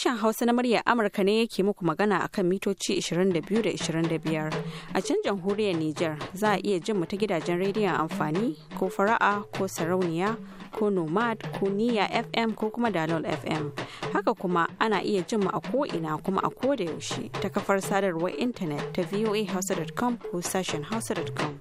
Sashen Hausa na muryar Amurka ne yake muku magana a kan mitoci 22 da 25. A can jamhuriyar Nijar za a iya jin mu ta gidajen rediyon amfani ko fara'a ko sarauniya ko nomad ko niya FM ko kuma dalol FM. Haka kuma ana iya jin mu a ko'ina kuma a ko da yaushe ta kafar sadarwar intanet ta voahausa.com ko sashen hausa.com.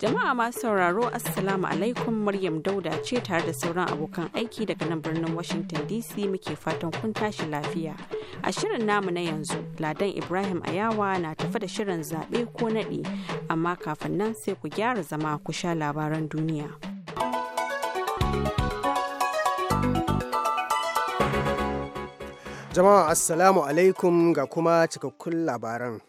Jama'a masu sauraro Assalamu alaikum Maryam Dauda ce tare da sauran abokan aiki daga nan birnin Washington DC muke fatan kun tashi lafiya. A shirin namu na yanzu, Ladan Ibrahim Ayawa na tafi da shirin zaɓe ko naɗe, amma kafin nan sai ku gyara zama ku sha labaran duniya. Jama'a Assalamu alaikum ga kuma cikakkun labaran.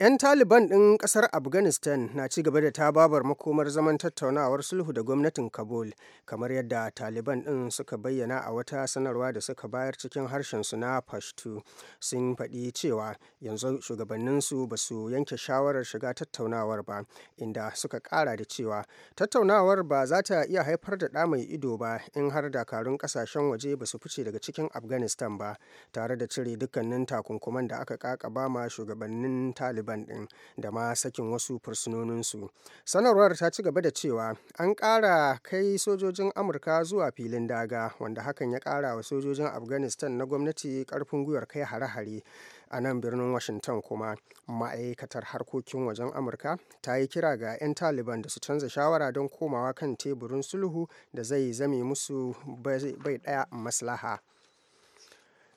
'Yan Taliban ɗin ƙasar Afghanistan na ci gaba da tababar makomar zaman tattaunawar sulhu da gwamnatin Kabul, kamar yadda Taliban ɗin suka bayyana a wata sanarwa da suka bayar cikin harshensu na Pashto. Sun faɗi cewa yanzu shugabanninsu ba su yanke shawarar shiga tattaunawar ba, inda suka ƙara da cewa tattaunawar ba za ta iya haifar da ɗa mai ido ba in har dakarun ƙasashen waje ba su fice daga cikin Afghanistan ba, tare da cire dukkanin takunkuman da aka ƙaƙaba ma shugabannin Taliban. taliban ɗin da ma sakin wasu fursunoninsu sanarwar ta ci gaba da cewa an ƙara kai sojojin amurka zuwa filin daga wanda hakan ya ƙara wa sojojin afghanistan na gwamnati ƙarfin gwiwar kai hare-hare a nan birnin washington kuma ma'aikatar harkokin wajen amurka ta yi kira ga 'yan taliban da su canza shawara don komawa kan teburin sulhu da zai zame musu bai daya maslaha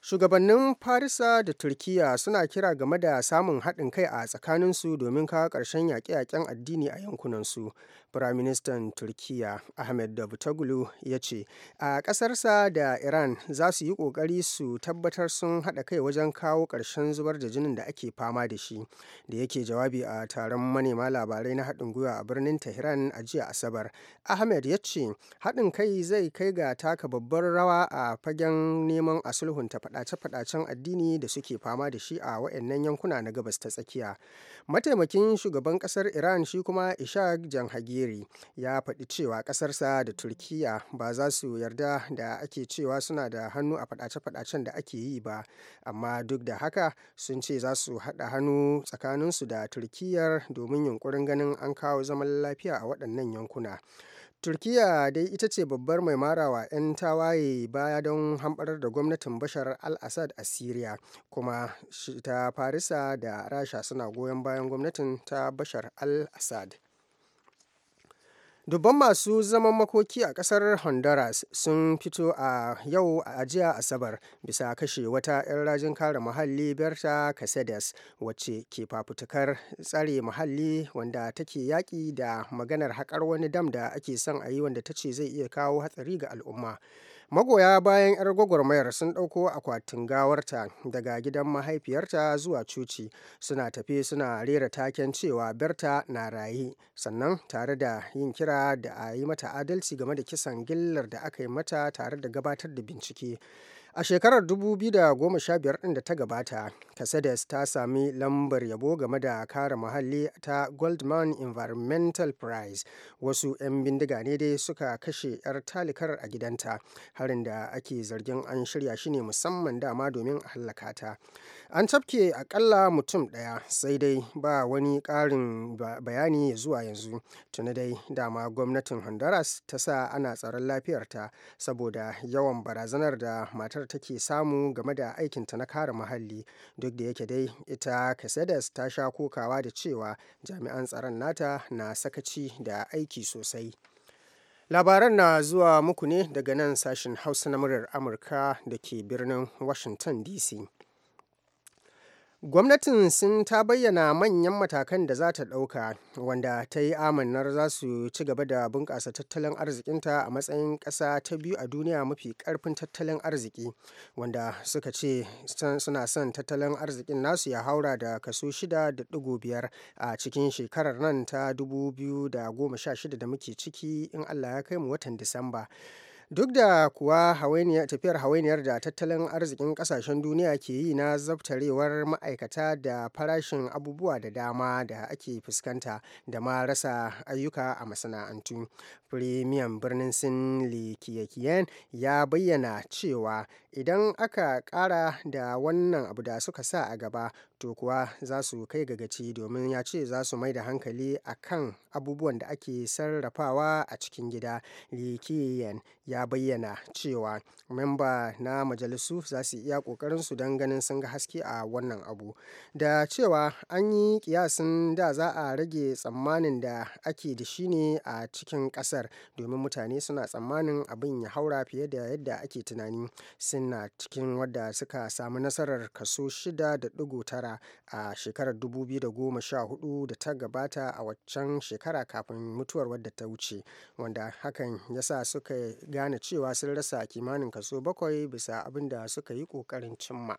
Shugabannin Farisa da turkiya suna kira game da samun haɗin kai a tsakaninsu domin kawo ƙarshen yaƙe-yaƙen addini a yankunansu. Firaministan Turkiyya Ahmed Davutoglu ya ce a ƙasarsa da Iran za su yi ƙoƙari su tabbatar sun haɗa kai wajen kawo ƙarshen zubar da jinin da ake fama da shi da yake jawabi a taron manema labarai na haɗin gwiwa a birnin Tehran a jiya Asabar. Ahmed ya ce haɗin kai zai kai ga taka babbar rawa a fagen neman a sulhunta faɗace-faɗacen addini da suke fama da shi a waɗannan yankuna na gabas ta tsakiya. Mataimakin shugaban ƙasar Iran shi kuma Ishaq Janhagiri Alkahiri ya faɗi cewa ƙasarsa da Turkiyya ba za su yarda da ake cewa suna da hannu a faɗace-faɗacen da ake yi ba, amma duk da haka sun ce za su haɗa hannu tsakaninsu da Turkiyyar domin yunƙurin ganin an kawo zaman lafiya a waɗannan yankuna. Turkiyya dai ita ce babbar mai marawa 'yan tawaye baya don hamɓarar da gwamnatin Bashar al-Assad a Siriya, kuma ta Farisa da Rasha suna goyon bayan gwamnatin ta Bashar al-Assad. dubban masu zaman makoki a kasar honduras sun fito a yau a jiya asabar bisa kashe wata 'yan rajin kare muhalli berta caceres wacce ke fafutukar tsare muhalli wanda take yaƙi da maganar haƙar wani dam da ake son a yi wanda ta ce zai iya kawo hatsari ga al'umma magoya bayan 'yar gwagwarmayar sun ɗauko akwatin gawarta daga gidan mahaifiyarta zuwa cuci suna tafe suna rera taken cewa berta na raye sannan tare da yin kira da a yi mata adalci game da kisan gillar da aka yi mata tare da gabatar da bincike A shekarar 2015 ɗin da ta gabata, Casades ta sami lambar yabo game da kare muhalli ta Goldman Environmental Prize. Wasu 'yan bindiga ne dai suka kashe 'yar talikar a gidanta, harin da ake zargin an shirya shi ne musamman dama domin a hallaka ta. An tafke akalla mutum ɗaya sai dai ba wani ƙarin bayani zuwa yanzu. Tuni dai dama gwamnatin Honduras ta sa ana tsaron lafiyarta saboda yawan barazanar da matar take samu game da aikinta na kare muhalli duk da yake dai ita Kasadas ta sha kokawa da cewa jami'an tsaron nata na sakaci da aiki sosai. Labaran na zuwa muku ne daga nan sashen Hausa na muryar Amurka da ke birnin Washington DC. Gwamnatin sun ta bayyana manyan matakan da za ta ɗauka wanda ta yi amannar za su ci gaba da bunƙasa tattalin arzikinta a matsayin ƙasa ta biyu a duniya mafi ƙarfin tattalin arziki wanda suka ce suna son tattalin arzikin nasu ya haura da kaso 6.5 a cikin shekarar nan ta 2016 da muke ciki in Allah ya kai mu watan Disamba. duk da kuwa tafiyar hawainiyar da tattalin arzikin kasashen duniya ke yi na zabtarewar ma'aikata da farashin abubuwa da dama da ake fuskanta da ma rasa ayyuka a masana'antu premium birnin sin likiyakiyen ya bayyana cewa idan aka kara da wannan abu da suka sa a gaba to kuwa za su kai gagaci domin ya ce za su mai da hankali a kan abubuwan da ake sarrafawa a cikin gida likiyan ya bayyana cewa memba na majalisu za su iya kokarin su don ganin sun ga haske a wannan abu da cewa an yi kiyasin da za a rage tsammanin da ake da shi ne a cikin kasar domin mutane suna tsammanin abin ya haura fiye da yadda ake tunani suna cikin wadda suka samu nasarar kaso shida da tara shekara a shekarar 2014 da ta gabata a waccan shekara kafin mutuwar wadda ta wuce wanda hakan ya sa suka gane cewa sun rasa kimanin kaso bakwai bisa abin da suka yi ƙoƙarin cimma.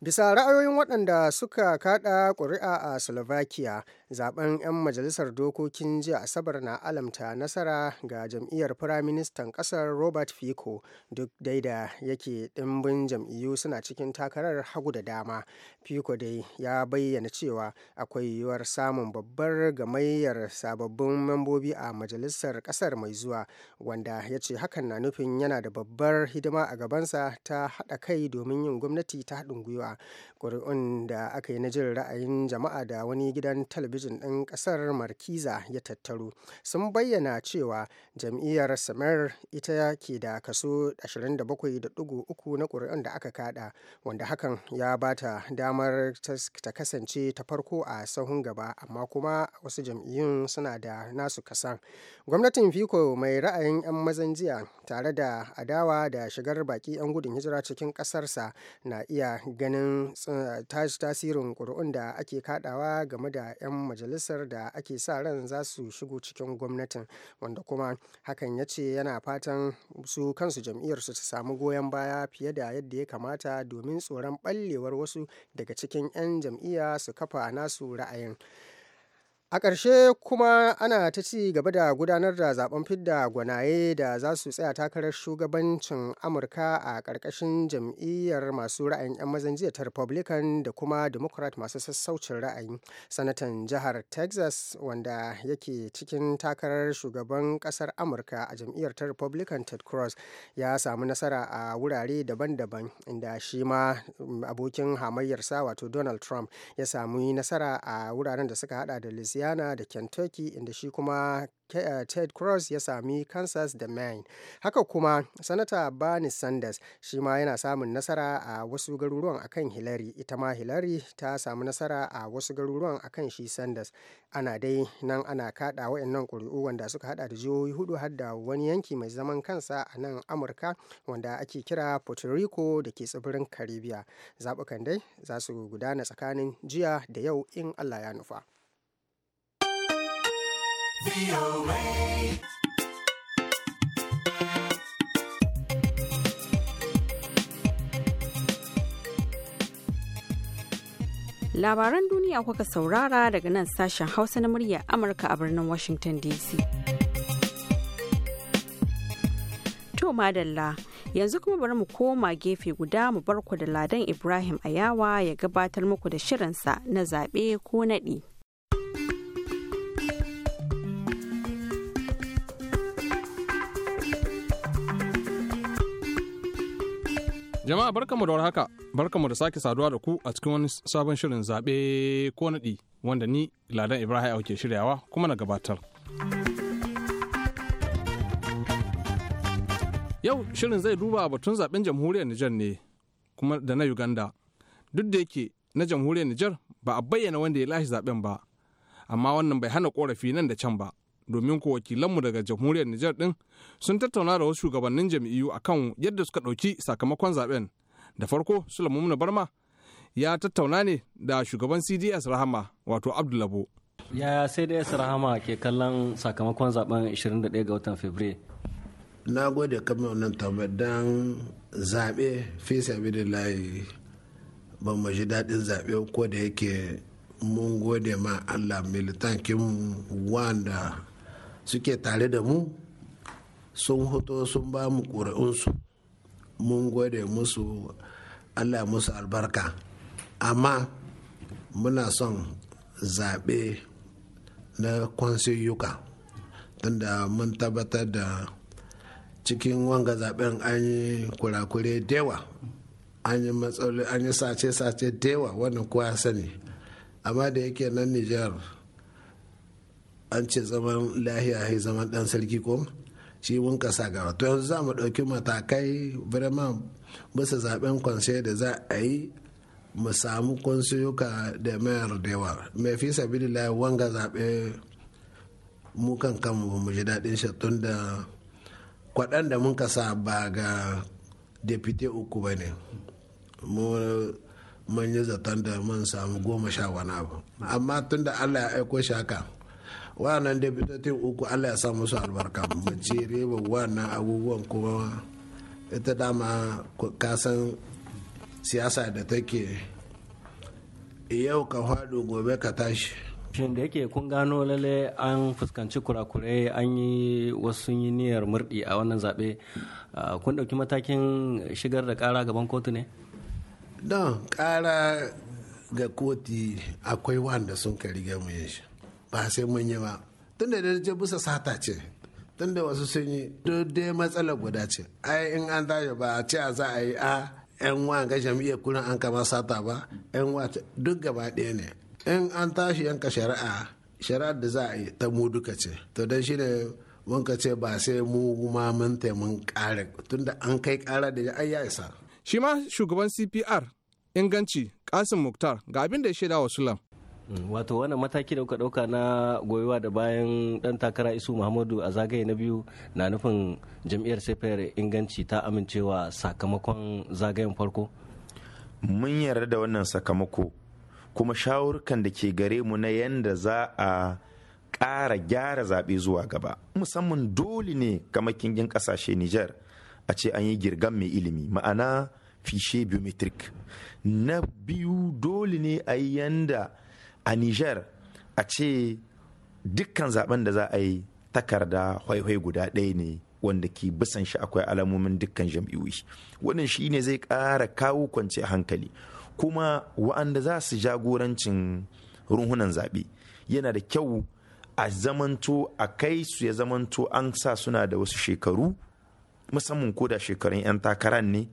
Bisa ra'ayoyin waɗanda suka kaɗa ƙuri'a a Slovakia, zaben 'yan majalisar dokokin jiya Asabar na alamta nasara ga jam'iyyar Firaministan ƙasar Robert Fico duk dai da yake ɗimbin jam'iyyu suna cikin takarar hagu da dama. Fico dai ya bayyana cewa akwai yiwuwar samun babbar gamayyar sababbin membobi a majalisar ƙasar mai zuwa wanda ya ce hakan na nufin yana da babbar hidima a gabansa ta haɗa kai domin yin gwamnati ta haɗin gwiwa. Spotify. ƙuri'un da aka yi na jin ra'ayin jama'a da wani gidan talabijin ɗin ƙasar markiza ya tattaro sun bayyana cewa jam'iyyar samar ita ke da kaso 27.3 na ƙuri'un da aka kada wanda hakan ya ba ta damar ta kasance ta farko a sahun gaba amma kuma wasu jam'iyyun suna da nasu kasan gwamnatin fiko mai ra'ayin 'yan mazan jiya tare da adawa da shigar baki 'yan gudun hijira cikin ƙasarsa na iya ganin tasirin ƙuri'un da ake kaɗawa game da 'yan majalisar da ake sa ran za su shigo cikin gwamnatin wanda kuma hakan ya ce yana fatan su kansu jam'iyyarsu su samu goyon baya fiye da yadda ya kamata domin tsoron ɓallewar wasu daga cikin 'yan jam'iyya su kafa nasu ra'ayin. A ƙarshe kuma ana ta ci gaba da gudanar da zaben fidda gwanaye da za su tsaya takarar shugabancin Amurka a ƙarƙashin jam'iyyar masu ra'ayin 'yan mazan jiya ta Republican da kuma Democrat masu sassaucin ra'ayi. Sanatan jihar Texas wanda yake cikin takarar shugaban ƙasar Amurka a jam'iyyar ta Republican Ted Cruz ya samu nasara a wurare daban-daban inda shi ma mm, abokin hamayyarsa wato Donald Trump ya samu nasara a wuraren da suka hada da louisiana da kentucky inda shi kuma eh, ted cross ya sami kansas da maine haka kuma sanata bernie sanders shi ma yana samun nasara a wasu garuruwan akan hillary ita ma hillary ta samu nasara a wasu garuruwan akan shi sanders ana dai nan ana kaɗa waɗannan ƙuri'u wanda suka haɗa da jihohi hudu har da wani yanki mai zaman kansa a nan amurka wanda ake kira puerto rico da ke tsibirin caribbean zaɓukan dai za su gudana tsakanin jiya da yau in allah ya nufa Labaran duniya kuka saurara daga nan sashen Hausa na murya Amurka a birnin Washington DC. To madalla yanzu kuma bari mu koma gefe guda mu barku da Ladan Ibrahim Ayawa ya gabatar muku da shirinsa na zaɓe ko naɗi. Jama'a barkamu da warhaka, mu da sake saduwa da ku a cikin wani sabon shirin zaɓe ko naɗi wanda ni Ladan Ibrahim ke shiryawa kuma na gabatar. Yau shirin zai duba batun zaɓen jamhuriyar Nijar ne kuma da na Uganda. Duk da yake na jamhuriyar Nijar ba a bayyana wanda ya lashe zaɓen ba, amma wannan bai hana korafi nan da can ba. domin ko wakilanmu daga jamhuriyar Nijar din sun tattauna da wasu shugabannin jam'iyyu akan yadda suka ɗauki sakamakon zaben. Da farko Sulaiman Barma ya tattauna ne da shugaban CDS Rahama wato Abdullabo. Yaya CDS Rahama ke kallon sakamakon zaben 21 ga watan Fabrairu? Na gode kamar wannan tambayar zaɓe fi da layi ba mu ji daɗin zaɓe ko da yake mun gode ma allah militankin wanda suke tare da mu sun hoto sun ba mu ƙuri'unsu mun gode musu allah musu albarka amma muna son zaɓe na kwansiyuka tunda mun tabbatar da cikin wanga zaɓen an yi kurakure dewa an yi matsaloli an yi sace-sace dewa wannan kuwa sani amma da yake nan nijar an ce zaman lahiya ya zaman dan sarki ko shi mun kasa gaba to yanzu za mu ɗauki matakai vraiment bisa zaben kwanse da za a yi mu samu kwansiyoka da mayar da yawa mai fi layi wanga zaɓe mu kan kan mu ji daɗin shi tun da kwaɗan da mun kasa ba ga depute uku ba ne mu mun yi zaton da mun samu goma sha wani abu amma tun da allah ya aiko shi haka wannan deputatin uku allah ya sa musu albarka mace reba wannan abubuwan kuma ita dama kasan siyasa da take yau ka hado gobe ka tashi shin da yake kun gano lalle an fuskanci kurakurai an yi wasu yi niyyar murdi a wannan zaɓe kun ɗauki matakin shigar da ƙara gaban kotu ne? don ƙara ga koti akwai wanda sun kari gamu yin shi ba sai mun yi ba tun da je bisa sata ce tun da wasu sun yi dai matsala guda ce ai in an tashi ba a ce za a yi a yan wa ga jami'a kuna an kama sata ba yan wa duk gaba ɗaya ne in an tashi ka shari'a shari'a da za a yi ta mu duka ce to dan shi ne mun ka ce ba sai mu ma mun ta mun ƙara tunda an kai ƙara da ai ya isa shi ma shugaban cpr inganci kasim muktar ga abin da ya shaida wa sulam Mm, wato wannan mataki da kuka dauka na goyuwa da bayan dan takara isu muhammadu a zagaye na biyu na nufin jam'iyyar sefer inganci ta amincewa sakamakon zagayen farko mun yarda da wannan sakamako kuma shawurkan da ke gare mu na yadda za a ƙara gyara zaɓe zuwa gaba musamman dole ne kamar kingin ƙasashe niger a ce an yi girgan mai ilimi ma'ana fishe biometric na biyu dole ne a yi yanda a niger a ce dukkan zaben da za a yi takarda hwaihwai guda ɗaya ne wanda ke bisan shi akwai alamomin dukkan jam'iyyoyi wannan shi ne zai ƙara kawo kwanci hankali kuma wa'anda za su jagorancin ruhunan zaɓe yana da kyau a zamanto a kai su ya zamanto an sa suna da wasu shekaru musamman ko da shekarun 'yan takaran ne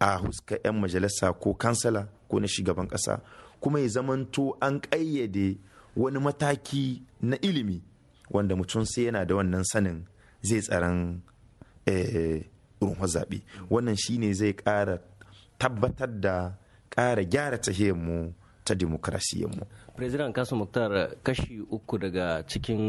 a huska 'yan majalisa ko kansala ko na shugaban ƙasa kuma ya zamanto an ƙayyade wani mataki na ilimi wanda mutum sai yana da wannan sanin zai tsaron eh, ruhun zaɓe wannan shine zai ƙara tabbatar da ƙara gyara mu ta demokrasiyyarmu. President Kasu Muktar kashi uku daga cikin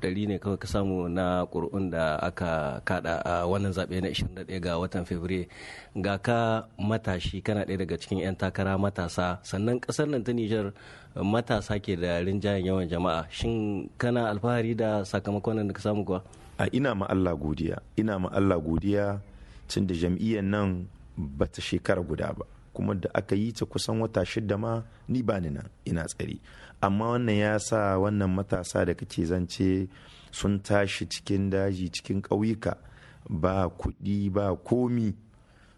ɗari ne kawai ka samu na ƙuri'un da aka kada a wannan zaɓe na 21 ga watan Fabrairu ga ka matashi kana ɗaya daga cikin 'yan takara matasa sannan ƙasar nan ta Nijar matasa ke da rinjayen yawan jama'a shin kana alfahari da sakamakon da ka samu kuwa? A ina ma Allah godiya ina ma Allah godiya tun da jam'iyyar nan bata shekara guda ba kuma da aka yi ta kusan wata shida ma ni ba ni nan ina tsari amma wannan ya sa wannan matasa da kake zance sun tashi cikin daji cikin ƙauyuka ba kuɗi ba komi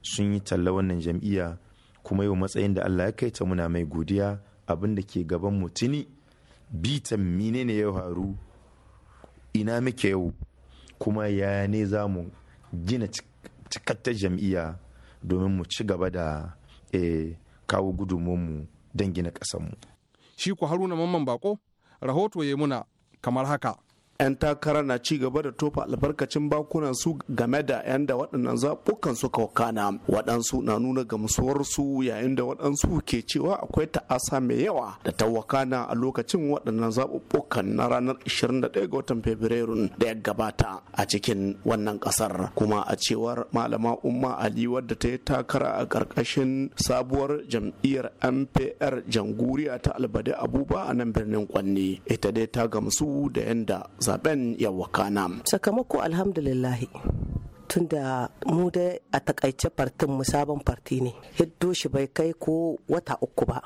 sun yi talla wannan jam'iyya kuma yau matsayin da Allah ya kai ta muna mai godiya abin da ke gaban mutuni tuni bitan mine ne ya faru ina muke yau kuma ya ne za mu gina cikattar jam'iyya domin mu ci gaba da e kawo gudunmu don gina Shi ku Haruna Mamman Bako rahoto ya muna kamar haka. 'yan takara na ci gaba da tofa albarkacin bakunan su game da 'yan da waɗannan zaɓukan suka wakana waɗansu na nuna gamsuwar su yayin da waɗansu ke cewa akwai ta'asa mai yawa da ta wakana a lokacin waɗannan zaɓuɓɓukan na ranar 21 ga watan fabrairu da ya gabata a cikin wannan ƙasar kuma a cewar malama umma ali wadda ta yi takara a ƙarƙashin sabuwar jam'iyyar mpr janguriya ta albade abuba a nan birnin kwanne ita dai ta gamsu da yanda zaben ya wakana sakamako alhamdulillah tunda mu dai a takaice fartin mu sabon farti ne hiddo shi bai kai ko wata uku ba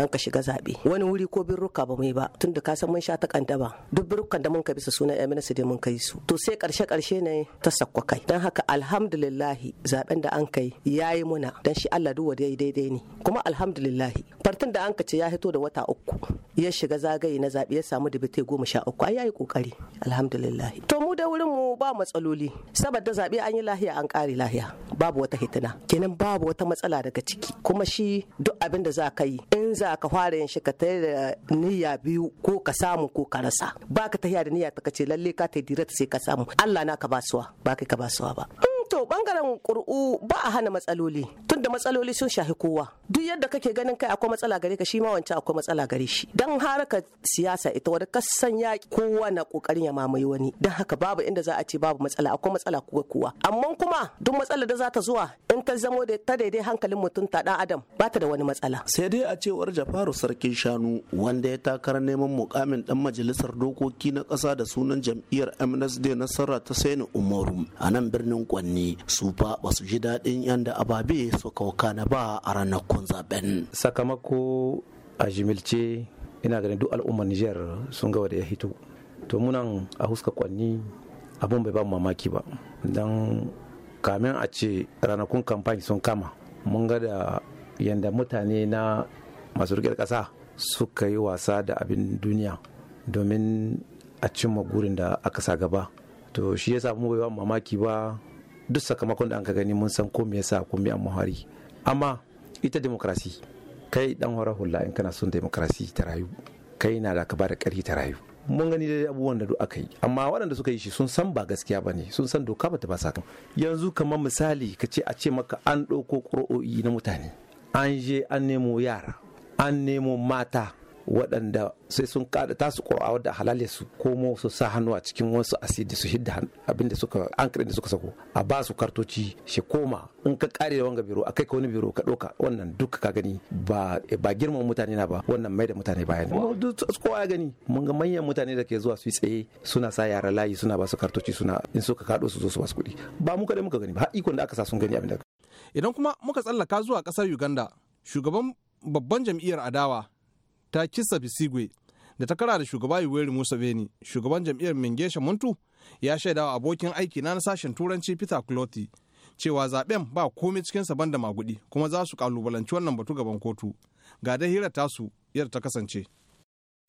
an ka shiga zaɓe wani wuri ko birruka ba mai ba tun da kasan mun sha ta kanda ba duk birrukan da mun ka bisa sunan su da mun kai su to sai karshe karshe ne ta sakwa kai dan haka alhamdulillahi zaben da an kai yayi muna dan shi Allah duwa dai daidai ne kuma alhamdulillahi fartin da an ka ce ya hito da wata uku ya shiga zagaye na zabe ya samu dibitai goma sha uku ai yayi kokari alhamdulillahi to da wurin mu ba matsaloli saboda zaɓe an yi lahiya an kare lahiya babu wata hitina kenan babu wata matsala daga ciki kuma shi duk abin da za ka yi in za ka fara yin shi ka tare da niyya biyu ko ka samu ko ka rasa ba ka tahiya da niyya ta kace lalle ka ta ta sai ka samu Allah na ka basuwa ba kai ka basuwa ba to bangaren ƙur'u ba a hana matsaloli tunda matsaloli sun shahi kowa duk yadda kake ganin kai akwai matsala gare ka shi ma wancan akwai matsala gare shi dan haraka siyasa ita wadda kasan ya kowa na kokarin ya mamaye wani dan haka babu inda za a ce babu matsala akwai matsala kuwa kowa amma kuma duk matsala da za ta zuwa in ta zamo da ta daidai hankalin mutum ta dan adam ba ta da wani matsala sai dai a cewar Jafaru sarkin shanu wanda ya takara neman mukamin dan majalisar dokoki na ƙasa da sunan jam'iyyar MNSD nasara ta Saini Umaru a nan birnin Kwanni gani su ba ba su ji daɗin yadda ababe suka wakana ba a ranakun zaben sakamako a jimilce ina ganin duk al'ummar niger sun ga da ya hito to munan a huska kwanni abin bai ba mamaki ba don kamin a ce ranakun kamfani sun kama mun ga da yadda mutane na masu riƙe ƙasa suka yi wasa da abin duniya domin a cimma gurin da aka sa gaba to shi yasa mu bai ba mamaki ba duk sakamakon da an ka gani mun san ko me yasa ko me amma amma ita demokrasi kai dan horar hula in kana son demokrasi ta rayu kai na da ka bada da ta rayu mun gani dai abubuwan da duk aka yi amma waɗanda suka yi shi sun san ba gaskiya ba ne sun san doka ba ta ba sakan yanzu kamar misali ka ce a ce maka an ɗauko ƙuro'o'i na mutane an je an nemo yara an nemo mata waɗanda sai sun kada tasu ƙura wadda halale su komo su sa hannu a cikin wasu asidi su hidda abinda suka an da suka sako a ba su kartoci shi koma in ka kare da wanga biro akai ka wani biro ka ɗauka wannan duka ka gani ba ba girman mutane na ba wannan mai da mutane bayan kowa ya gani mun ga manyan mutane da ke zuwa su tsaye suna sa yara layi suna ba su kartoci suna in suka kaɗo su zo su ba su kuɗi ba mu kaɗai muka gani ba har ikon da aka sa sun gani abin da idan kuma muka tsallaka zuwa ƙasar uganda shugaban babban jam'iyyar adawa ta kisa bisigwe da ta kara da shugaba yuweri beni shugaban jam'iyyar mingesha muntu ya shaida wa abokin aiki na sashen turanci peter clothy cewa zaben ba komai cikin cikinsa banda magudi kuma za su kalubalanci wannan batu gaban kotu ga dai hira tasu yadda ta kasance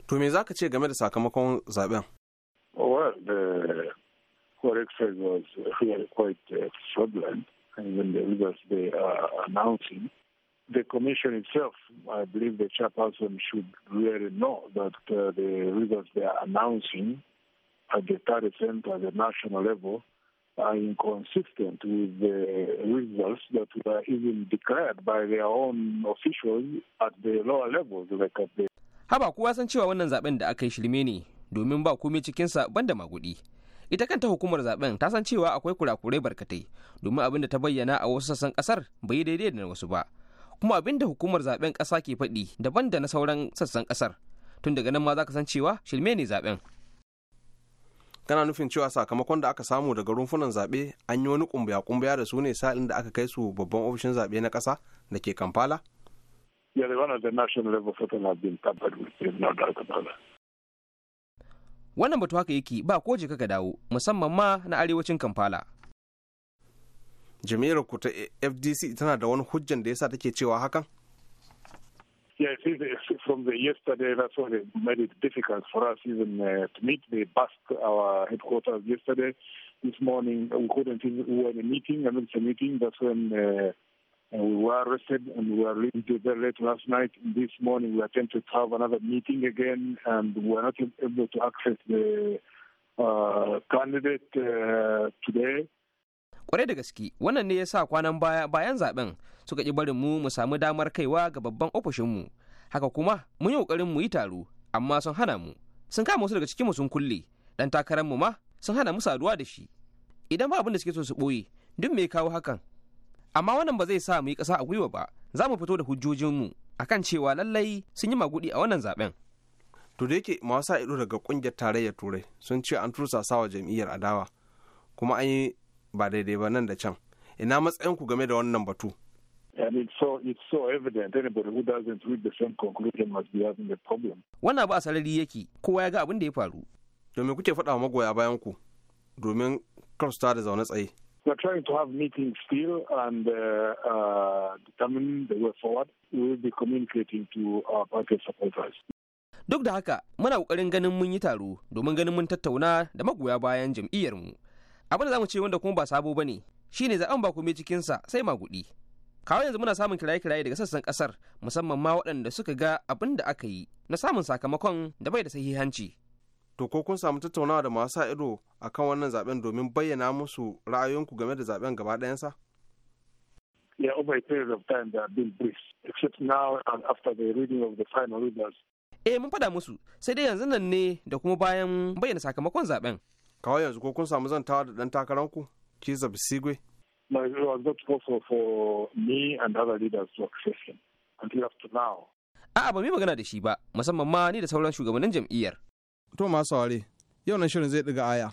to me zaka ce game da sakamakon zaben well the was really uh, quite uh, fraudulent and the results they are announcing the Commission itself, I believe the chairperson should really know that uh, the results they are announcing at the tariff center, at the national level, are inconsistent with the results that were even declared by their own officials at the lower levels. Like at the... Haba kowa san cewa wannan zaben da aka yi shirme ne domin ba komai cikinsa banda magudi. ita kanta hukumar zaben ta san cewa akwai kurakurai barkatai domin abin da ta bayyana a wasu sassan kasar bai daidai da wasu ba kuma abin da hukumar zaben kasa ke faɗi daban da na sauran sassan kasar tun daga nan ma za ka san cewa shirme ne zaben kana nufin cewa sakamakon da aka samu daga rumfunan zaɓe an yi wani kumbaya-kumbaya da su ne sa'in da aka kai su babban ofishin zaɓe na kasa da ke kampala wannan batu haka yake ba ko jika ka dawo musamman ma na arewacin kampala jami'ar ku ta fdc tana da wani hujjan da yasa take cewa hakan Yeah, from the yesterday. That's what it made it difficult for us even uh, to meet. They bust our headquarters yesterday. This morning we couldn't. We were in a meeting, and it's a meeting. That's when uh, uh, we were arrested, and we were leaving very late last night. This morning we attempted to have another meeting again, and we were not able to access the uh, candidate uh, today. kwarai da gaske wannan ne ya sa kwanan baya bayan zaben suka ƙi barin mu mu samu damar kaiwa ga babban ofishinmu haka kuma mun yi ƙoƙarin mu yi taro amma sun hana mu sun kama wasu daga mu sun kulle ɗan mu ma sun hana mu saduwa da shi idan ba abin da suke so su ɓoye duk me kawo hakan amma wannan ba zai sa mu yi ƙasa a gwiwa ba za mu fito da mu akan cewa lallai sun yi magudi a wannan zaben to da yake masu ido daga kungiyar tarayyar turai sun ce an wa jam'iyyar adawa kuma an yi ba daidai ba nan da can ina matsayin ku game da wannan batu And it's so, it's so evident anybody who doesn't reach the same conclusion must be having a problem. Wannan ba a sarari yake kowa ya ga abin da ya faru. Domin kuke faɗa wa magoya bayan ku domin kar su da zaune tsaye. We're trying to have meetings still and uh, uh, determine the way forward. We will be communicating to our party supporters. Duk da haka, muna ƙoƙarin ganin mun yi taro domin ganin mun tattauna da magoya bayan jam'iyyar mu. abin da za zamu ce wanda kuma ba sabo ba ne shine zaben ba kome cikin sa sai magudi kawo yanzu muna samun kiraye-kiraye daga sassan kasar musamman ma waɗanda suka ga abin da aka yi na samun sakamakon da bai da sahihanci to ko kun samu tattaunawa da masu sa ido kan wannan zaben domin bayyana musu ra'ayoyinku game da zaben gaba ɗayansa Eh, mun faɗa musu, sai dai yanzu nan ne da kuma bayan bayyana sakamakon zaben. kawai yanzu ko kun samu tawa da dan takaranku Kizza Bisigwe No, it was not possible for me and other leaders to access him until up to now. A'a ba mu magana da shi ba, musamman ma ni da sauran shugabannin jam'iyyar. To ma saware yau nan shirin zai diga aya.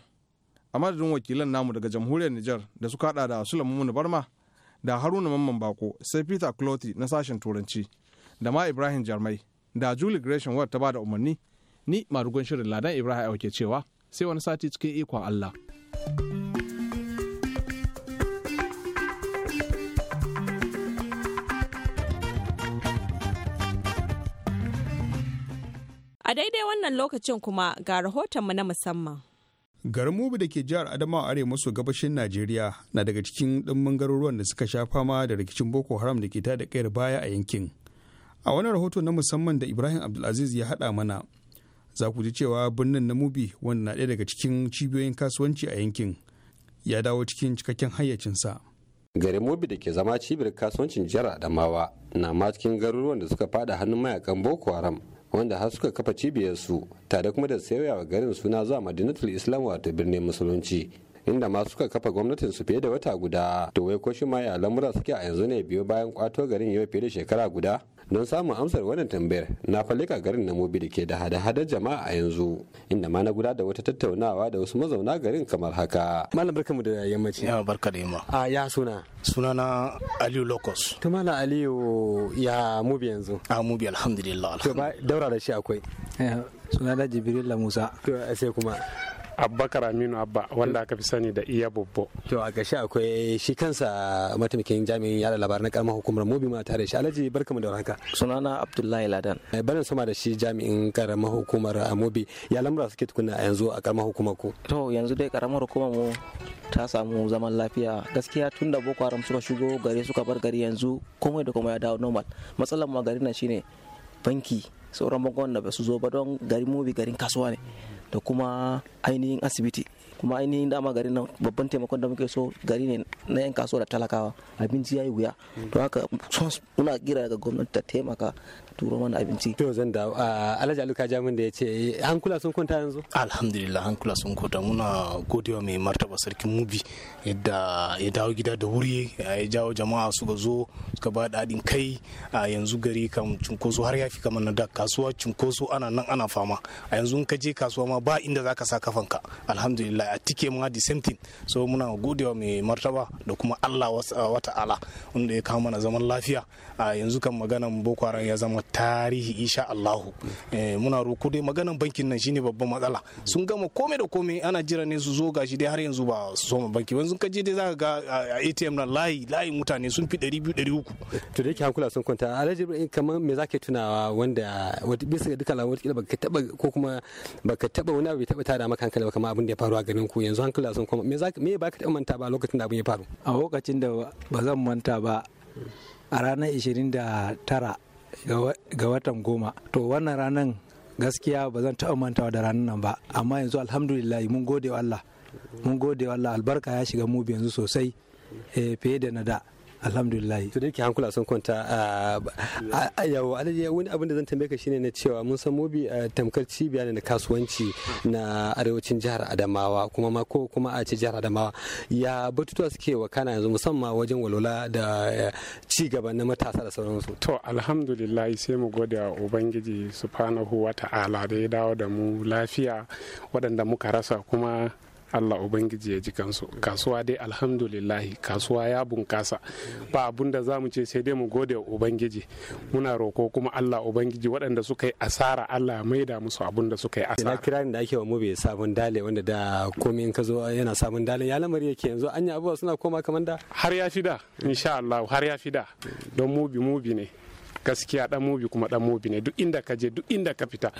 A madadin wakilan namu daga jamhuriyar Nijar da suka hada da Sulaiman Mumunu Barma da Haruna Mamman Bako sai Peter Clothy na sashen Turanci da ma Ibrahim Jarmai da Julie Gresham Ward ta bada umarni ni marugun shirin Ladan Ibrahim Auke cewa sai wani sati cikin ikon Allah. A daidai wannan lokacin kuma ga rahotonmu na musamman. Garin Mubi da ke jihar Adamawa Arewa maso gabashin Najeriya na daga cikin ɗimbin garuruwan da suka sha fama da rikicin Boko Haram da ke tada kayar baya a yankin. A wani rahoto na musamman da Ibrahim Abdulaziz ya haɗa mana, za ku ji cewa birnin na mubi wanda na ɗaya daga cikin cibiyoyin kasuwanci a yankin ya dawo cikin cikakken hayyacinsa garin mubi da ke zama cibiyar kasuwancin jihar adamawa na ma cikin garuruwan da suka fada hannun mayakan boko haram wanda har suka kafa cibiyar su tare kuma da wa garin suna zuwa madinatul islam wato birnin musulunci inda ma suka kafa gwamnatin su fiye da wata guda to wai ko shi ma ya lamura suke a yanzu ne biyo bayan kwato garin yau fiye da shekara guda don samun amsar wannan tambayar na falika garin na mobi da ke da hada hada jama'a a yanzu inda ma na guda da wata tattaunawa da wasu mazauna garin kamar haka malam barkamu da yammaci yawa barka da yamma a ya suna suna na aliyu Lokos. to malam aliyu ya mobi yanzu a mobi alhamdulillah to ba daura da shi akwai eh, suna da jibril musa to sai kuma abbakar aminu abba wanda aka fi sani da iya bobbo to a gashi akwai shi kansa mataimakin jami'in yada labarai na karamar hukumar mobi ma tare shi alhaji mu da warhaka sunana abdullahi ladan eh, barin sama da shi jami'in karamar hukumar uh, mobi ya lamura suke tukuna a yanzu a karamar hukumar ku to yanzu dai karamar hukumar mu ta samu zaman lafiya gaskiya tun da boko haram suka shigo gari suka bar gari yanzu komai da komai ya dawo normal matsalar ma garin nan shine banki sauran bankunan da ba su zo ba don gari mobi garin kasuwa ne da kuma ainihin asibiti kuma ainihin dama garin nan babban taimakon da muke so gari ne na yan kasuwa da talakawa abinci ya yi wuya to haka muna kira daga gwamnati ta taimaka turo mana abinci to zan da alhaji aluka jamin da ya ce hankula sun kwanta yanzu alhamdulillah hankula sun kwanta muna godewa mai martaba sarkin mubi yadda ya dawo gida da wuri ya jawo jama'a suka zo suka ba daɗin kai a yanzu gari kam cunkoso har ya fi kamar na da kasuwa cunkoso ana nan ana fama a yanzu in ka je kasuwa ma ba inda zaka sa kafanka alhamdulillah a tike mu di same thing so muna wa mai martaba da kuma Allah wata uh, ala wanda ya kawo mana zaman lafiya a yanzu kan maganan Boko Haram ya zama tarihi insha Allah eh, muna roko dai maganan bankin nan shine babban matsala sun gama komai da komai ana jira ne su zo gashi dai har yanzu ba su zo banki yanzu ka je dai zaka ga uh, ATM na layi layi mutane sun fi 200 300 to da yake hankula sun kwanta alhaji kamar me zaka tunawa wanda bisa ga dukkan lawa wata baka taba ko kuma baka taba wani abu bai taba tada maka hankali ba kamar abin da ya faru a gari ganin ku yanzu hankali sun koma me zaka me manta ba lokacin da abin ya faru a lokacin da ba zan manta ba a ranar tara ga watan goma to wannan ranar gaskiya ba zan taɓa mantawa da ranar nan ba amma yanzu alhamdulillah mun gode wa Allah mun gode wa Allah albarka ya shiga mu yanzu sosai eh, fiye da na da alhamdulillah to da yake hankula sun kwanta a ah, ah, ah, yawo alaji wani abin da zan tambaye ka shine na cewa mun san mobi tamkar cibiya ne na kasuwanci na arewacin jihar adamawa kuma ma ko kuma a ce jihar adamawa ya batutuwa suke wakana yanzu musamman wajen walwala da eh, ci gaba na matasa da sauransu to alhamdulillah sai mu gode wa ubangiji subhanahu wata'ala ta'ala da ya dawo da mu lafiya waɗanda muka rasa kuma allah ubangiji ya ji kansu kasuwa dai alhamdulillahi kasuwa ya bunkasa ba abun da zamu ce sai dai mu gode wa ubangiji muna roko kuma allah ubangiji waɗanda suka yi asara allah mai da musu abun da suka yi asara ina kirarin da ake wa mu bai sabon dale wanda da komai in ka zo yana sabon dale ya lamari yake yanzu anya abubuwa suna koma kamar da har ya fi da insha allah har ya fi da don mubi mubi ne gaskiya dan mobi kuma dan mobi ne duk inda ka je duk inda ka fita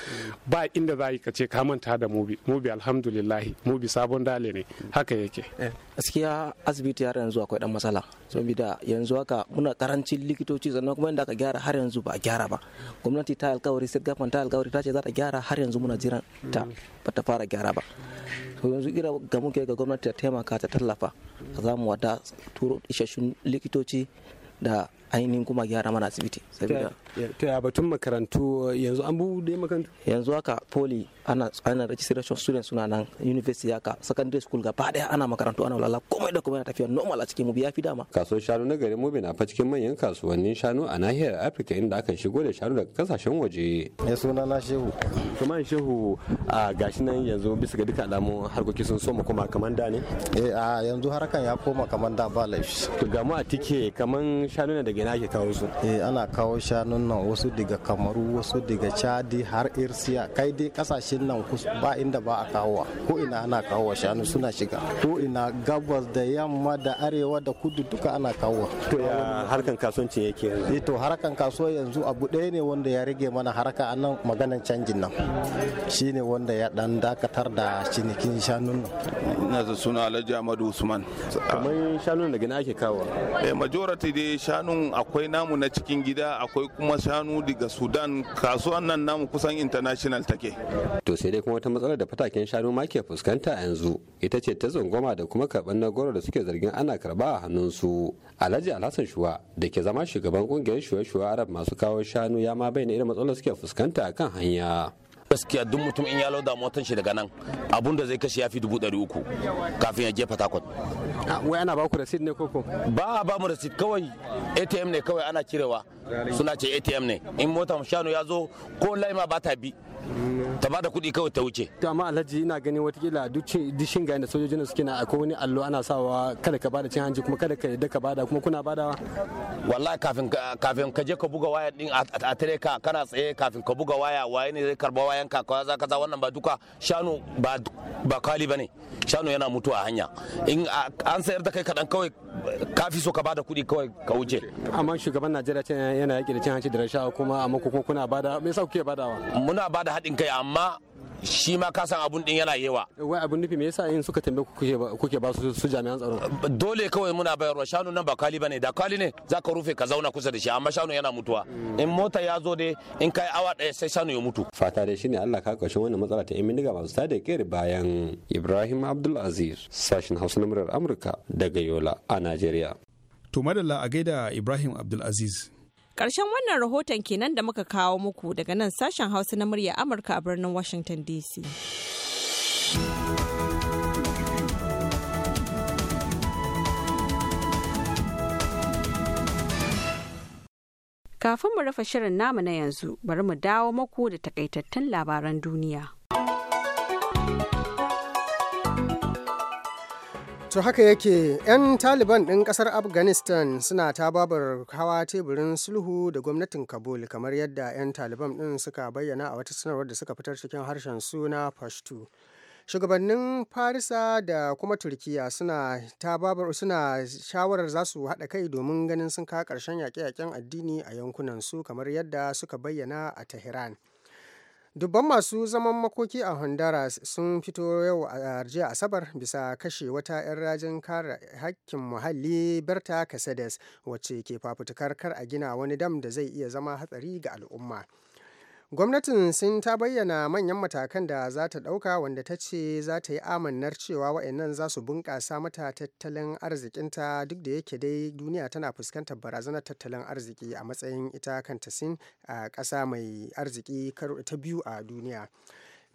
ba inda za ka ce ka manta da mobi mobi alhamdulillah mobi sabon dale ne haka yake eh, gaskiya asibiti har yanzu akwai dan matsala saboda yanzu haka muna karancin likitoci sannan kuma inda aka gyara har yanzu ba a gyara ba gwamnati ta alkawari sai gafan ta alkawari ta ce za ta gyara har yanzu muna jiran ta ba ta fara gyara ba to yanzu ira ga muke ga gwamnati ta taimaka ta tallafa za mu wada turo isashen likitoci da ainihin kuma gyara mana asibiti saboda ta ya batun makarantu eh, yanzu an bude makarantu yanzu haka poli ana ana registration students suna nan university haka secondary school gaba daya ana makarantu ana walala komai da komai na tafiya normal a cikin mu biya fi dama kasuwar shanu na garin mu na fa cikin manyan kasuwannin shanu a nahiyar Afirka inda aka shigo da shanu daga kasashen waje ya suna na shehu kuma shehu a gashi nan yanzu bisa ga duka alamu harkoki sun soma kuma kamar da ne eh a yanzu harkan ya koma kamar da ba laifi to ga mu a tike kaman shanu ne daga daga ina kawo su eh ana kawo shanun nan wasu daga kamaru wasu daga chadi har irsiya kai dai kasashen nan ba inda ba a kawowa ko ina ana kawowa shanu suna shiga ko ina gabas da yamma da arewa da kudu duka ana kawowa to ya harkan kasuwanci yake yanzu eh, to harkan kasuwa yanzu abu ɗaya ne wanda ya rage mana harka a nan maganan canjin nan shine wanda ya dan dakatar da cinikin shanun nan ina da suna alhaji amadu usman kamar shanun da gina ake kawo eh majority dai shanun akwai namu na cikin gida akwai kuma shanu daga sudan kasuwan nan namu kusan international take to sai dai kuma wata matsalar da fataken shanu ma ke fuskanta yanzu ita ce ta zungoma da kuma karban na goro da suke zargin ana karba a hannunsu alhaji alhassan shuwa da ke zama shugaban kungiyar shuwa-shuwa arab masu kawo shanu ya ma bayyana irin matsalar suke fuskanta akan hanya gaskiya duk mutum in ya lauda motar shi daga nan abun da zai kashe ya fi dubu ɗari uku kafin ya je fatakwat ah, wai ana baku ne koko ba a ba mu kawai atm ne kawai ana cirewa suna ce atm ne in mota shanu ya zo ko laima ba ta bi ta bada da kuɗi kawai ta wuce to amma alhaji ina ganin watakila dishin ga da sojojin suke na akwai wani allo ana sawa kada ka bada cin hanji kuma kada ka yadda ka bada kuma kuna badawa wallahi kafin kafin ka je ka buga waya din a tare ka kana tsaye kafin ka buga waya waye ne zai karba wayan ka ka za wannan ba duka shanu ba ba kali bane shanu yana mutuwa a hanya in an sayar da kai kadan kawai kafi so ka bada kuɗi kawai ka wuce amma shugaban Najeriya yana yaki da cin hanci da rashawa kuma amma kuma kuna bada me yasa kuke badawa muna bada haɗin kai amma shi ma ka san abun din yana yawa wai abun nufi me yasa in suka tambaye ku kuke ba su jami'an tsaro dole kawai muna bayarwa shanu nan ba kali bane da kali ne za ka rufe ka zauna kusa da shi amma shanu yana mutuwa mm. in mota ya zo dai in kai awa ɗaya sai shanu ya mutu fata da shi ne Allah ka kashe wannan matsala ta imin daga masu tada kiyar bayan Ibrahim Abdul sashin Hausa na murar Amurka daga Yola a Najeriya to madalla a gaida Ibrahim abdulaziz. Ƙarshen wannan rahoton kenan da muka kawo muku daga nan sashen Hausa na murya Amurka a birnin Washington DC. Kafin mu rufe shirin namu na yanzu, bari mu dawo muku da takaitattun labaran duniya. To haka yake 'yan Taliban ɗin ƙasar Afghanistan suna tababar hawa teburin sulhu da gwamnatin Kabul kamar yadda 'yan Taliban din suka bayyana a wata sanarwar da suka fitar cikin harshen suna Pashto. shugabannin farisa da kuma turkiya suna tababar suna shawarar za su haɗa kai domin ganin sun kawo ƙarshen yaƙe-yaƙen addini a yankunan su kamar yadda suka bayyana a tehran dubban masu zaman makoki a honduras sun fito yau a jiya asabar bisa kashe wata 'yan rajin kare hakkin muhalli berta casades wacce ke fafutukar kar a gina wani dam da zai iya zama hatsari ga al'umma Gwamnatin sun ta bayyana manyan matakan da za ta ɗauka wanda ta ce za ta yi amannar cewa waɗannan za su bunƙasa mata tattalin arzikinta duk da yake dai duniya tana fuskantar barazanar tattalin arziki a matsayin ita kanta Sin a ƙasa mai arziki ta biyu a duniya.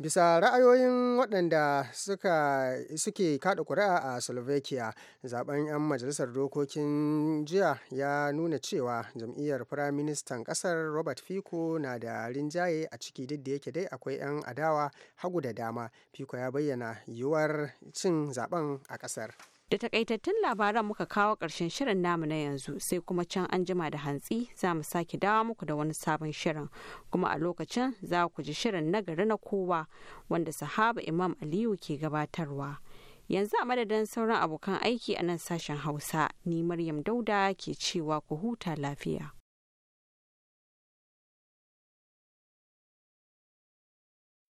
Bisa ra'ayoyin waɗanda suke kaɗa ƙuri'a a Slovakia, zaɓen 'yan majalisar dokokin jiya ya nuna cewa jam'iyyar Firaministan ƙasar Robert Fico na da rinjaye a ciki duk da yake dai akwai 'yan adawa hagu da dama. Fico ya bayyana yiwuwar cin zaɓen a ƙasar. Da takaitattun labaran muka kawo ƙarshen shirin namu na yanzu sai kuma can an jima da hantsi za mu sake dawo muku da wani sabon shirin kuma a lokacin za ku ji shirin na gari na kowa wanda sahaba Imam Aliyu ke gabatarwa. Yanzu a madadin sauran abokan aiki a nan sashen Hausa ni Maryam Dauda ke cewa ku huta lafiya.